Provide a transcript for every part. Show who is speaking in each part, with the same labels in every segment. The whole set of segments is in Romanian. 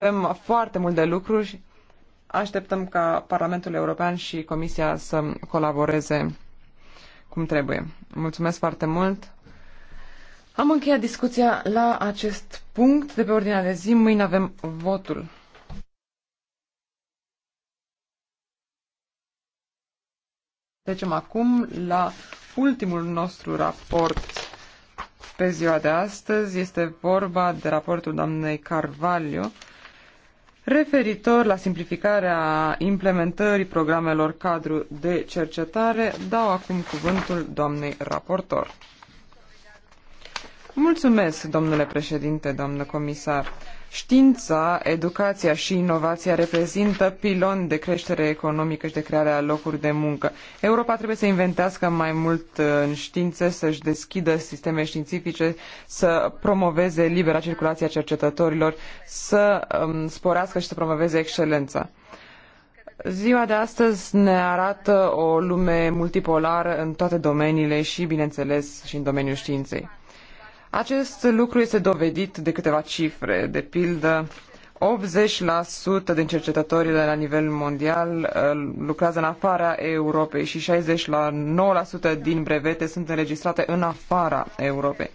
Speaker 1: Avem foarte mult de lucru și așteptăm ca Parlamentul European și Comisia să colaboreze cum trebuie. Mulțumesc foarte mult! Am încheiat discuția la acest punct de pe ordinea de zi. Mâine avem votul. Trecem acum la ultimul nostru raport pe ziua de astăzi. Este vorba de raportul doamnei Carvalho Referitor la simplificarea implementării programelor cadru de cercetare, dau acum cuvântul doamnei raportor. Mulțumesc, domnule președinte, doamnă comisar. Știința, educația și inovația reprezintă pilon de creștere economică și de creare a locuri de muncă. Europa trebuie să inventească mai mult uh, în științe, să-și deschidă sisteme științifice, să promoveze libera circulație a cercetătorilor, să um, sporească și să promoveze excelența. Ziua de astăzi ne arată o lume multipolară în toate domeniile și, bineînțeles, și în domeniul științei. Acest lucru este dovedit de câteva cifre. De pildă, 80% din cercetătorii la nivel mondial uh, lucrează în afara Europei și 69% din brevete sunt înregistrate în afara Europei.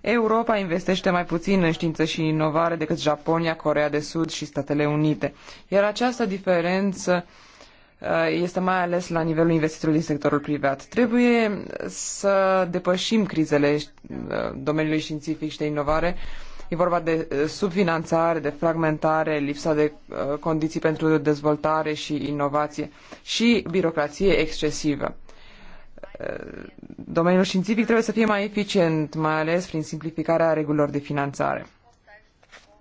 Speaker 1: Europa investește mai puțin în știință și inovare decât Japonia, Corea de Sud și Statele Unite. Iar această diferență uh, Uh, este mai ales la nivelul investițiilor din sectorul privat. Trebuie să depășim crizele uh, domeniului științific și de inovare. E vorba de uh, subfinanțare, de fragmentare, lipsa de condiții pentru dezvoltare și inovație și birocrație excesivă. Domeniul științific trebuie să fie mai eficient, mai ales prin simplificarea regulilor de finanțare.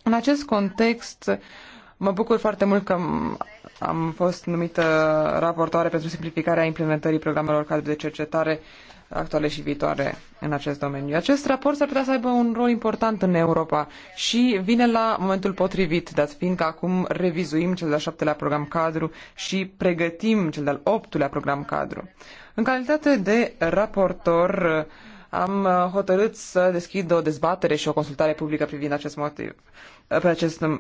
Speaker 1: În acest context, Mă bucur foarte mult că am fost numită raportoare pentru simplificarea implementării programelor cadru de cercetare actuale și viitoare în acest domeniu. Acest raport s-ar putea să aibă un rol important în Europa și vine la momentul potrivit, dat fiind că acum revizuim cel de-al șaptelea program cadru și pregătim cel de-al optulea program cadru. În calitate de raportor, am hotărât să deschid o dezbatere și o consultare publică privind acest motiv, pe acest uh,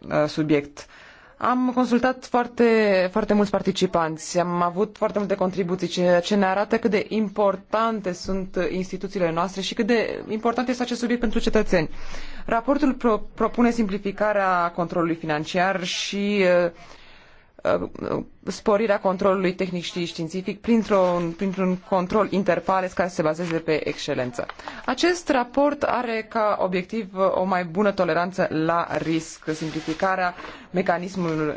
Speaker 1: Uh, subiect. Am consultat foarte, foarte mulți participanți, am avut foarte multe contribuții, ceea ce ne arată cât de importante sunt instituțiile noastre și cât de important este acest subiect pentru cetățeni. Raportul pro propune simplificarea controlului financiar și uh, Uh, sporirea controlului tehnic și științific printr-un, printr control interpares care se bazeze pe excelență. Acest raport are ca obiectiv uh, o mai bună toleranță la risc, simplificarea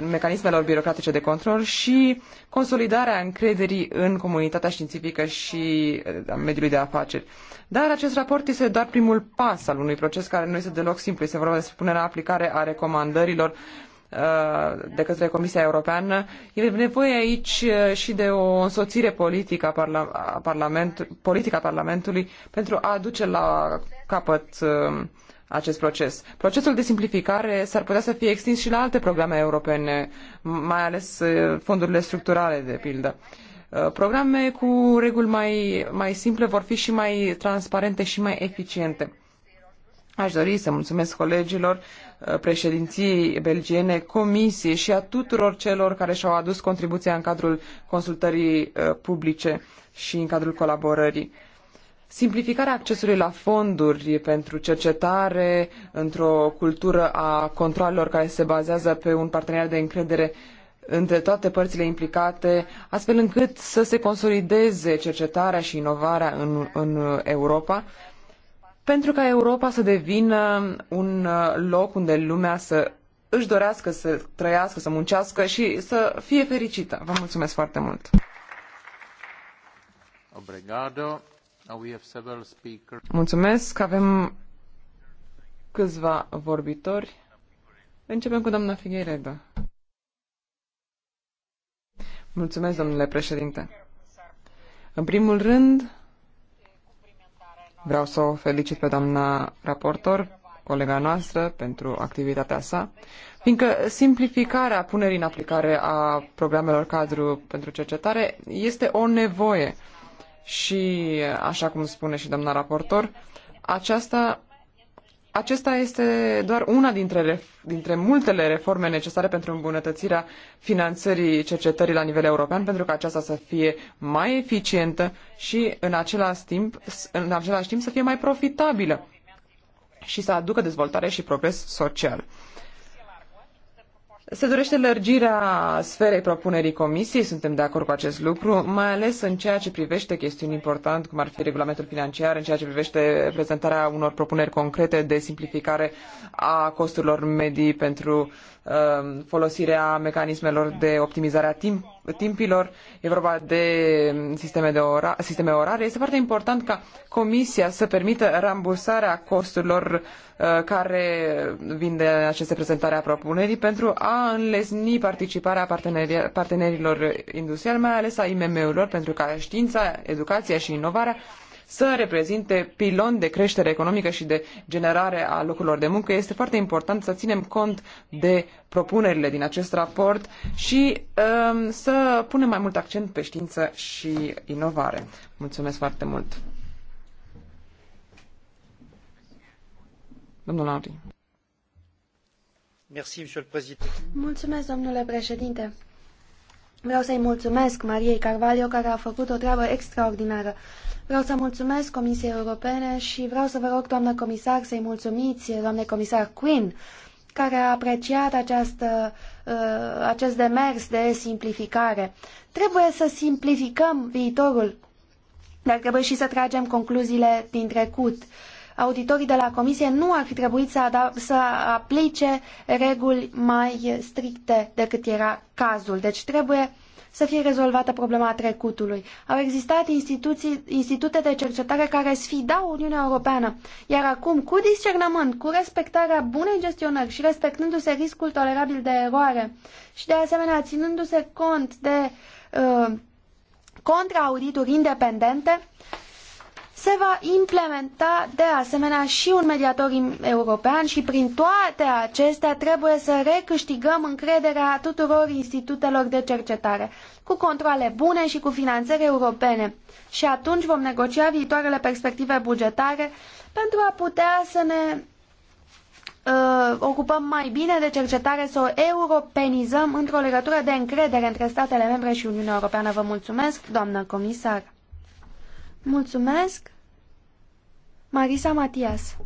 Speaker 1: mecanismelor birocratice de control și consolidarea încrederii în comunitatea științifică și uh, a mediului de afaceri. Dar acest raport este doar primul pas al unui proces care nu este deloc simplu. Este vorba despre punerea aplicare a recomandărilor uh, Uh, de către Comisia Europeană. E nevoie aici uh, și de o însoțire politică a, parla- a, parlament, politică a Parlamentului pentru a duce la capăt uh, acest proces. Procesul de simplificare s-ar putea să fie extins și la alte programe europene, mai ales fondurile structurale, de pildă. Programe cu reguli mai, mai simple vor fi și mai transparente și mai eficiente. Aș dori să mulțumesc colegilor uh, președinției belgiene, comisiei și a tuturor celor care și-au adus contribuția în cadrul consultării uh, publice și în cadrul colaborării. Simplificarea accesului la fonduri pentru cercetare într-o cultură a controlelor care se bazează pe un parteneriat de încredere între toate părțile implicate, astfel încât să se consolideze cercetarea și inovarea în, în Europa pentru ca Europa să devină un uh, loc unde lumea să își dorească să trăiască, să muncească și să fie fericită. Vă mulțumesc foarte mult!
Speaker 2: Obrigado.
Speaker 1: Mulțumesc, avem
Speaker 2: câțiva vorbitori.
Speaker 1: Începem cu doamna Figueiredo. Mulțumesc, domnule președinte. În primul rând, Vreau să o felicit pe doamna raportor, colega noastră, pentru activitatea sa, fiindcă simplificarea punerii în aplicare a programelor cadru pentru cercetare este o nevoie. Și, așa cum spune și doamna raportor, aceasta acesta este doar una dintre, dintre multele reforme necesare pentru îmbunătățirea finanțării cercetării la nivel european, pentru ca aceasta să fie mai eficientă și în același timp, în același timp să fie mai profitabilă și să aducă dezvoltare și progres social. Se dorește lărgirea sferei propunerii comisiei, suntem de acord cu acest lucru, mai ales în ceea ce privește chestiuni importante, cum ar fi regulamentul financiar, în ceea ce privește prezentarea unor propuneri concrete de simplificare a costurilor medii pentru uh, folosirea mecanismelor de optimizare a timp, timpilor. E vorba de um, sisteme, de ora, sisteme orare. Este foarte important ca comisia să permită rambursarea costurilor uh, care vin de aceste prezentare a propunerii pentru a a înlesni participarea partenerilor industriali, mai ales a IMM-urilor, pentru ca știința, educația și inovarea să reprezinte pilon de creștere economică și de generare a locurilor de muncă. Este foarte important să ținem cont de propunerile din acest raport și um, să punem mai mult accent pe știință și inovare. Mulțumesc foarte mult! Domnul Lauri.
Speaker 3: Mulțumesc, domnule președinte. Vreau să îi mulțumesc Mariei Carvalho, care a făcut o treabă extraordinară. Vreau să mulțumesc Comisiei Europene și vreau să vă rog, doamnă comisar, să îi mulțumiți, doamnei comisar Quinn, care a apreciat această, uh, acest demers de simplificare. Trebuie să simplificăm viitorul, dar trebuie și să tragem concluziile din trecut. Uh, auditorii de la Comisie nu ar fi trebuit să, să aplice reguli mai stricte decât era cazul. Deci trebuie să fie rezolvată problema trecutului. Au existat instituții, institute de cercetare care sfidau Uniunea Europeană, iar acum, cu discernământ, cu respectarea bunei gestionări și respectându-se riscul tolerabil de eroare și, de asemenea, ținându-se cont de uh, contraaudituri independente, se va implementa de asemenea și un mediator european și prin toate acestea trebuie să recâștigăm încrederea tuturor institutelor de cercetare, cu controle bune și cu finanțări europene. Și atunci vom negocia viitoarele perspective bugetare pentru a putea să ne uh, ocupăm mai bine de cercetare, să o europenizăm într-o legătură de încredere între statele membre și Uniunea Europeană. Vă mulțumesc, doamnă comisar! Mulțumesc. Marisa Matias.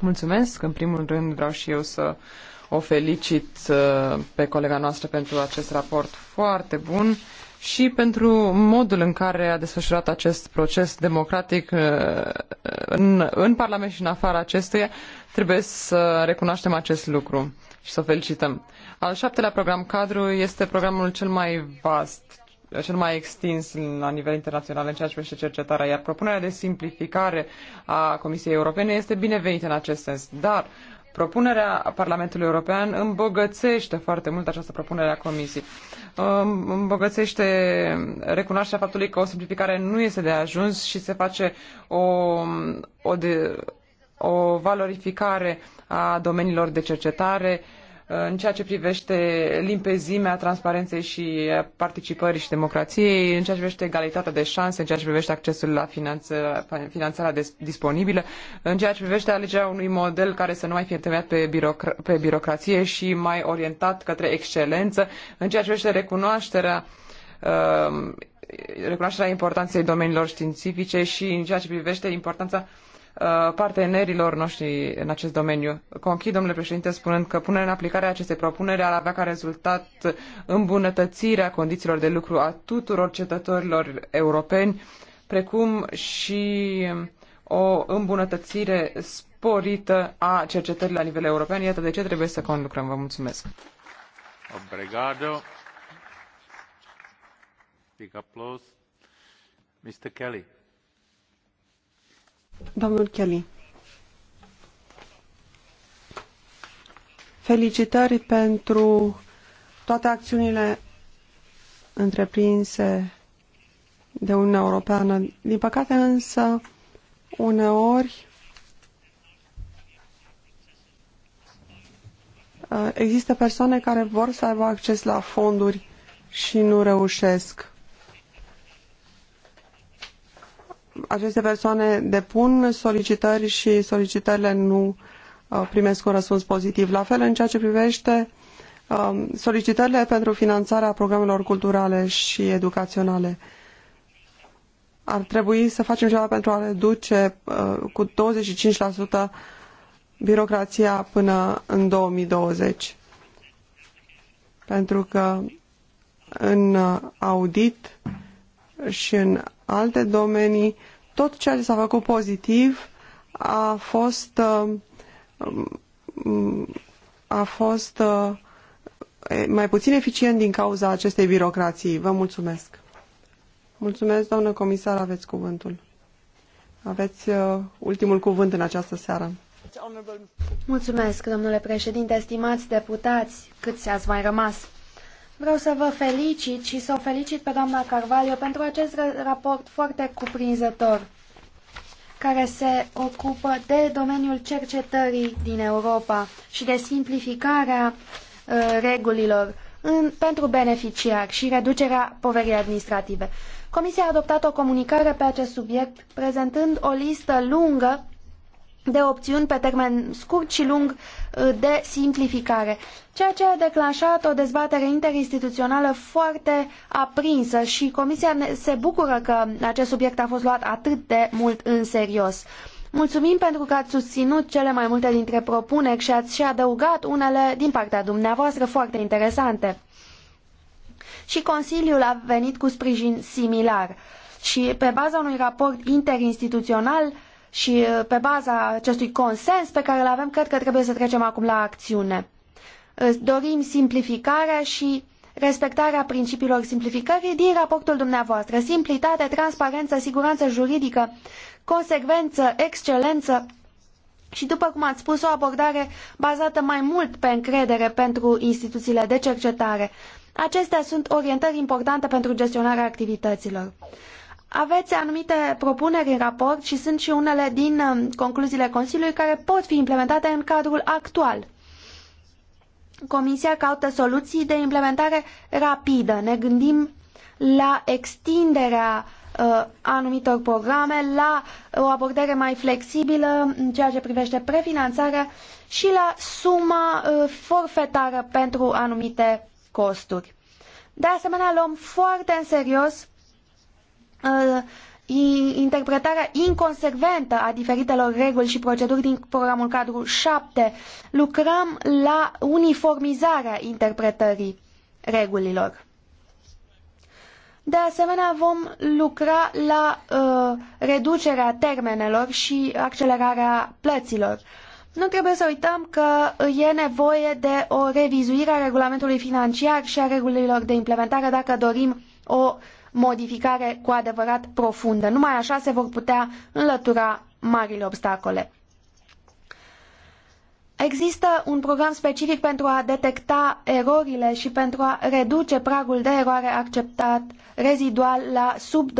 Speaker 1: Mulțumesc. În primul rând vreau și eu să o felicit uh, pe colega noastră pentru acest raport foarte bun și pentru modul în care a desfășurat acest proces democratic uh, în, în Parlament și în afara acestuia. Trebuie să recunoaștem acest lucru și să o felicităm. Al șaptelea program cadru este programul cel mai vast cel mai extins la nivel internațional în ceea ce privește cercetarea, iar propunerea de simplificare a Comisiei Europene este binevenită în acest sens. Dar Propunerea Parlamentului European îmbogățește foarte mult această propunere a Comisiei. Îmbogățește recunoașterea faptului că o simplificare nu este de ajuns și se face o, o, de, o valorificare a domeniilor de cercetare, uh, în ceea ce privește limpezimea transparenței și participării și democrației, în ceea ce privește egalitatea de șanse, în ceea ce privește accesul la finanță, finanțarea disponibilă, în ceea ce privește alegerea unui model care să nu mai fie temeiat pe, birocra- pe birocrație și mai orientat către excelență, în ceea ce privește recunoașterea uh, recunoașterea importanței domeniilor științifice și în ceea ce privește importanța uh, partenerilor noștri în acest domeniu. Conchid, domnule președinte, spunând că punerea în aplicare a acestei propuneri ar avea ca rezultat îmbunătățirea condițiilor de lucru a tuturor cetătorilor europeni, precum și o îmbunătățire sporită a cercetării la nivel european. Iată de ce trebuie să conlucrăm. Vă mulțumesc.
Speaker 2: Obrigado. Domnule Kelly. Felicitări pentru toate acțiunile întreprinse de Uniunea Europeană. Din păcate însă, uneori uh, există persoane care vor să aibă acces la fonduri și nu reușesc. aceste persoane depun solicitări și solicitările nu uh, primesc un răspuns pozitiv. La fel, în ceea ce privește um, solicitările pentru finanțarea programelor culturale și educaționale. Ar trebui să facem ceva pentru a reduce uh, cu 25% birocrația până în 2020. Pentru că în uh, audit și în alte domenii, tot ceea ce s-a făcut pozitiv a fost uh, a fost uh, mai puțin eficient din cauza acestei birocrații. Vă mulțumesc. Mulțumesc, doamnă comisar, aveți cuvântul. Aveți uh, ultimul cuvânt în această seară.
Speaker 3: Mulțumesc, domnule președinte, stimați deputați, câți ați mai rămas. Vreau să vă felicit și să o felicit pe doamna Carvalho pentru acest raport foarte cuprinzător care se ocupă de domeniul cercetării din Europa și de simplificarea uh, regulilor în, pentru beneficiari și reducerea poverii administrative. Comisia a adoptat o comunicare pe acest subiect, prezentând o listă lungă de opțiuni pe termen scurt și lung uh, de simplificare, ceea ce a declanșat o dezbatere interinstituțională foarte aprinsă și Comisia se bucură că acest subiect a fost luat atât de mult în serios. Mulțumim pentru că ați susținut cele mai multe dintre propuneri și ați și adăugat unele din partea dumneavoastră foarte interesante. Și Consiliul a venit cu sprijin similar. Și pe baza unui raport interinstituțional, și uh, pe baza acestui consens pe care îl avem, cred că trebuie să trecem acum la acțiune. Uh, dorim simplificarea și respectarea principiilor simplificării din raportul dumneavoastră. Simplitate, transparență, siguranță juridică, consecvență, excelență și, după cum ați spus, o abordare bazată mai mult pe încredere pentru instituțiile de cercetare. Acestea sunt orientări importante pentru gestionarea activităților. Aveți anumite propuneri în raport și sunt și unele din um, concluziile Consiliului care pot fi implementate în cadrul actual. Comisia caută soluții de implementare rapidă. Ne gândim la extinderea uh, anumitor programe, la o abordare mai flexibilă în ceea ce privește prefinanțarea și la suma uh, forfetară pentru anumite costuri. De asemenea, luăm foarte în serios Uh, interpretarea inconsecventă a diferitelor reguli și proceduri din programul cadru 7. Lucrăm la uniformizarea interpretării regulilor. De asemenea, vom lucra la uh, reducerea termenelor și accelerarea plăților. Nu trebuie să uităm că e nevoie de o revizuire a regulamentului financiar și a regulilor de implementare dacă dorim o modificare cu adevărat profundă. Numai așa se vor putea înlătura marile obstacole. Există un program specific pentru a detecta erorile și pentru a reduce pragul de eroare acceptat rezidual la sub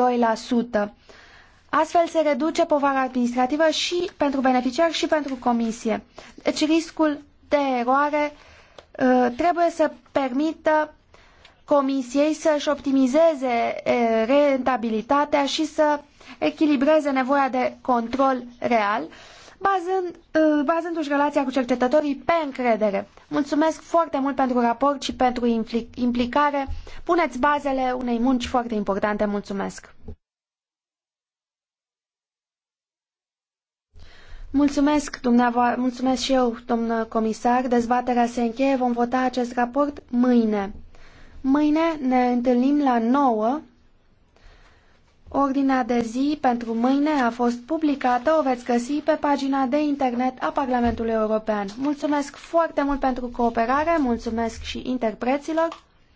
Speaker 3: 2%. Astfel se reduce povara administrativă și pentru beneficiar și pentru comisie. Deci riscul de eroare uh, trebuie să permită Comisiei să-și optimizeze rentabilitatea și să echilibreze nevoia de control real, bazând, bazându-și relația cu cercetătorii pe încredere. Mulțumesc foarte mult pentru raport și pentru implicare. Puneți bazele unei munci foarte importante. Mulțumesc! Mulțumesc, mulțumesc și eu, domnul comisar. Dezbaterea se încheie. Vom vota acest raport mâine. Mâine ne întâlnim la 9. Ordinea de zi pentru mâine a fost publicată, o veți găsi pe pagina de internet a Parlamentului European. Mulțumesc foarte mult pentru cooperare, mulțumesc și interpreților.